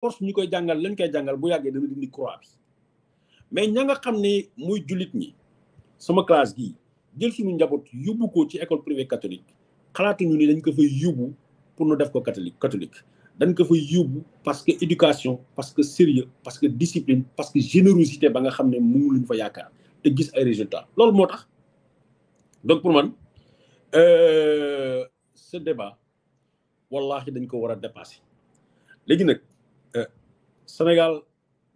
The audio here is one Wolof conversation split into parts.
force ñu koy jàngal lañ koy jàngal bu yàggee dana dindi croix bi mais ña nga xam ne muy julit ñi sama classe gi jël suñu njaboot yóbbu ko ci école privée catholique xalaatuñu ni dañ ko fay yóbbu pour nu def ko catholique catholique dañ ko fay yóbbu parce que éducation parce que sérieux parce que discipline parce que générosité ba nga xam ne moom lañ fa yaakaar te gis ay résultats loolu moo tax donc pour man euh, ce débat wallahi dañ ko war a dépasser léegi nag Sénégal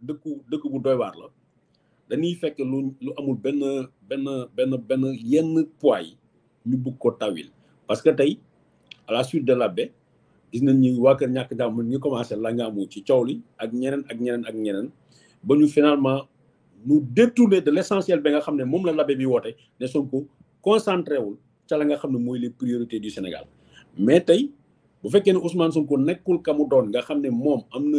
dëkku dëkk bu doy la dañuy fekk lu lu amul benn benn benn benn yenn poids yi ñu bëgg ko tawil parce que tey à la suite de la baie gis nañ ñu waa kër ñàkk jàmm ñu commencé la nga amu ci coow ak ñeneen ak ñeneen ak ñeneen ba ñu finalement ñu détourner de l' essentiel bi nga xam ne moom la labé bi woote ne Sonko concentré wul ca la nga xam ne mooy les priorités du Sénégal mais tey bu fekkee ne Ousmane Sonko nekkul ka doon nga xam ne moom am na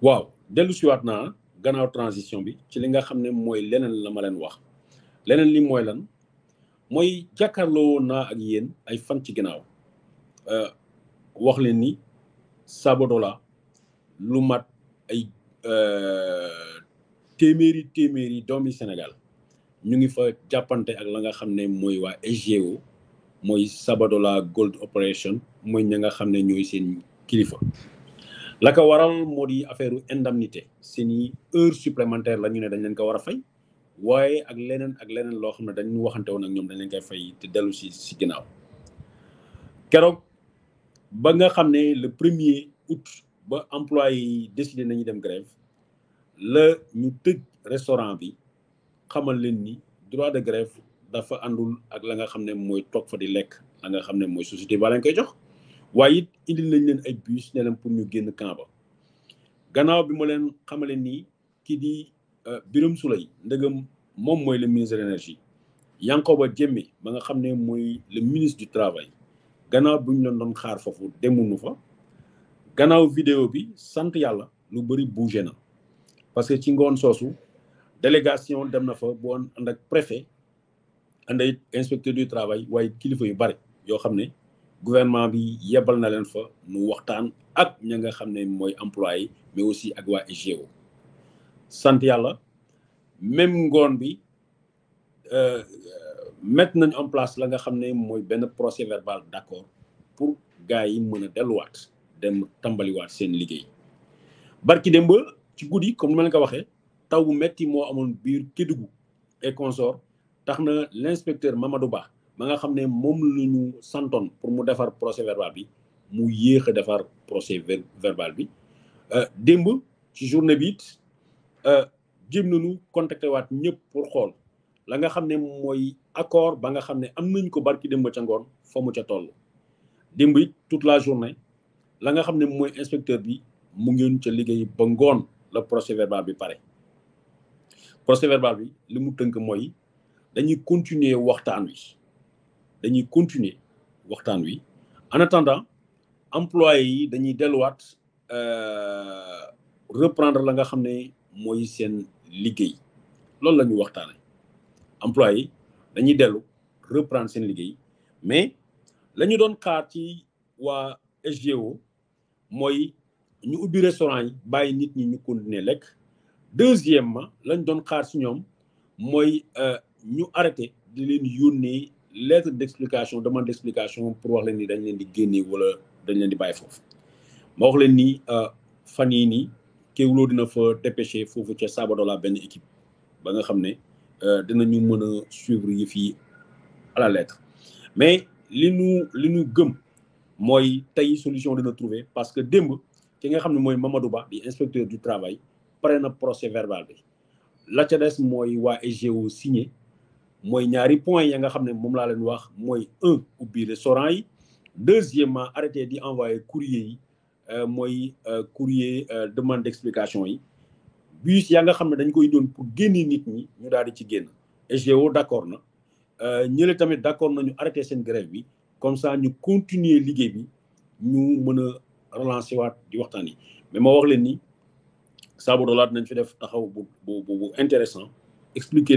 waaw dellu siwaat na gannaaw transition bi ci li nga xam ne mooy leneen la ma leen wax leneen li mooy lan mooy jàkkaarloo naa ak yéen ay fan ci gannaaw euh, wax leen ni Sabodala lu mat ay euh, téeméeri téeméeri doomi Sénégal ñu ngi fa jàppante ak la nga xam ne mooy waa SGO mooy Sabodala Gold Operation mooy ña nga xam ne ñooy seen kilifa. la ko waral moo di affaire indemnité seeni heure supplémentaire la ñu ne dañ leen ko war a fay waaye ak leneen ak leneen loo xam ne dañ waxante woon ak ñoom dañ leen koy fay te dellu si si keroog ba nga xam ne le premier août ba emploi yi décidé nañu dem grève la ñu tëj restaurant bi xamal leen ni droit de grève dafa àndul ak la nga xam ne mooy toog fa di lekk la nga xam ne mooy société ba lañ koy jox waaye it indil nañ leen ay bus ne leen pour ñu génn camp ba gannaaw bi ma leen xamale nii kii di euh, Birame Souleye ndëgam moom mooy le ministre de l'énergie Yankoba Diémé ba nga xam ne mooy le ministre du travail gannaaw bu ñu leen doon xaar foofu demunu fa gannaaw vidéo bi sant yàlla lu bëri bougé na parce que ci ngoon soosu délégation dem na fa bu woon ànd ak préfet ànd inspecteur du travail waaye kilifa yu bari yoo xam ne gouvernement bi yebal na len fa nu waxtaan ak ña nga xam ne mooy employé mais aussi ak waa IGO sant yàlla même ngoon bi euh, met nañ en place la nga xam ne mooy benn procès verbal d'accord pour gars yi mën a delluwaat dem tàmbaliwaat seen liggéey barki dem ba ci guddi comme ni ma leen waxee taw bu metti moo amoon biir Kédougou et consort tax na l'inspecteur Mamadou Ba ba nga xam ne moom la ñu santoon pour mu defar procès verbal bi mu yéex a defar procès verbal bi euh, démb ci journée bi it euh, jéem nañu contacté waat ñëpp pour xool la nga xam ne mooy accord ba nga xam ne am nañ ko barki démb ca ngoon fa mu ca toll. démb it toute la journée la nga xam ne mooy inspecteur bi mu ngeen ca liggéey ba ngoon la procès verbal bi pare procès verbal bi li mu tënk mooy dañuy continuer waxtaan wi dañuy continuer waxtaan wi en attendant employé yi dañuy delluwaat euh, reprendre la nga xam ne mooy seen liggéey loolu la ñu waxtaane employé yi dañuy dellu reprendre seen liggéey mais la ñu doon xaar ci waa SGO mooy ñu ubbi restaurant yi bàyyi nit ñi ñu continuer lekk deuxièmement lañ doon xaar si ñoom mooy euh, ñu arrêté di leen yónnee lettre d'explication demande d'explication pour wax leen ni dañ leen di génne wala dañ leen di bàyyi foofu ma wax leen ni euh, fan yii nii Kéwoulo dina fa dépêché foofu ca la benn équipe ba nga xam ne euh, dinañu mën a suivre les filles à la lettre mais li nous, li nous, gëm moi, tey solution de nous trouver parce que démb ki nga xam ne Mamadouba Mamadou inspecteur du travail pare un procès verbal bi la ca des mooy waa SGO signé que ñaari point ya nga un restaurant yi deuxièmement arrêter di envoyer courrier yi euh, euh, courrier euh, demande d'explication yi bus nga pour nit ñi ñu daal ci d'accord na tamit d'accord nous grève comme ça ñu continuer bi ñu relancer di mais wax ni nañ fi intéressant expliquer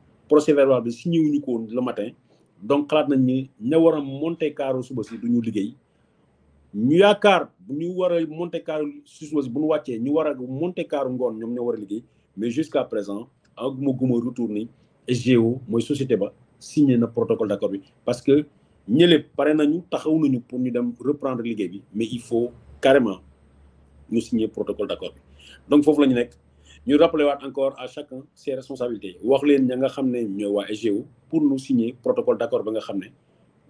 procès verbal bi signé wuñu ko le matin donc xalat nañ ni ña wara monter kaaru suba si du ñu liggéey ñu yaakaar ñu wara monter kaaru suba si buñu waccé ñu wara monter kaaru ngoon ñoom ñoo war a liggéey mais jusqu'à présent ak mo guma retourner ni SGO moy société ba signé na protocole d'accord bi parce que ñële paré nañu taxaw nañu pour ñu dem reprendre liggéey bi mais il faut carrément nous signer protocole d'accord bi donc fofu lañu nek ñu rappeler waat encore à chacun ses responsabilités wax leen ña nga xam ne ñooy waa SGO pour nous signer protocole d'accord ba nga xam ne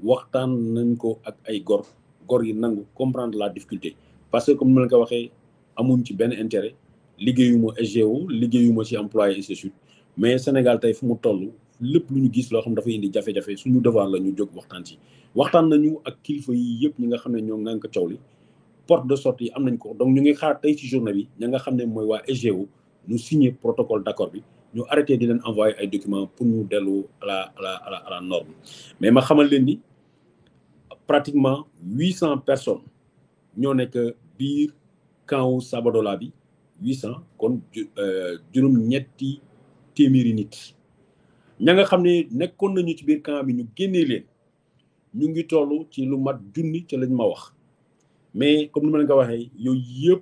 waxtaan nañ ko ak ay gor gor yi nangu comprendre la difficulté parce que comme ni ma ko waxee amuñ ci benn intérêt liggéeyuma SGO liggéeyuma ci employé ainsi de suite mais Sénégal tey fu mu toll lépp lu ñu gis loo xam dafa indi jafe-jafe suñu devoir la ñu jóg waxtaan ci waxtaan nañu ak kilifa yi yëpp ñi nga xam ne ñoo ngi ko coow li porte de sortie am nañ ko donc ñu ngi xaar tey ci journée bi ña nga xam ne mooy waa SGO nous signer protocole d'accord nous arrêter de nous envoyer des documents pour nous délo à la la, la norme mais ma xamal que pratiquement 800 personnes ñoo que bir kaw sabadola bi 800 kon euh, jurum ñetti témiri nit ña nous xamné nekkon nañu ci bir camp bi ñu génné len ñu ngi tollu ci lu mat junni ci lañ ma wax mais comme nous ma nga waxé yoy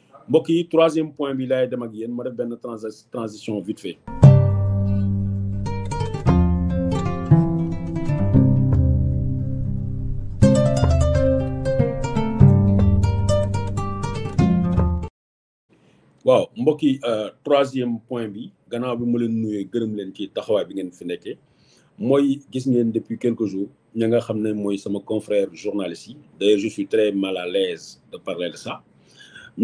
mbokk yi troisième point bi laay dem ak yéen ma def benn transition vite fait. waaw mbokk yi euh, troisième point bi gannaaw bi ma leen nuyee gërëm leen ci taxawaay bi ngeen fi nekkee mooy gis ngeen depuis quelques jours ña nga xam sama confrère journaliste d'ailleurs je suis très mal à l'aise de parler de ça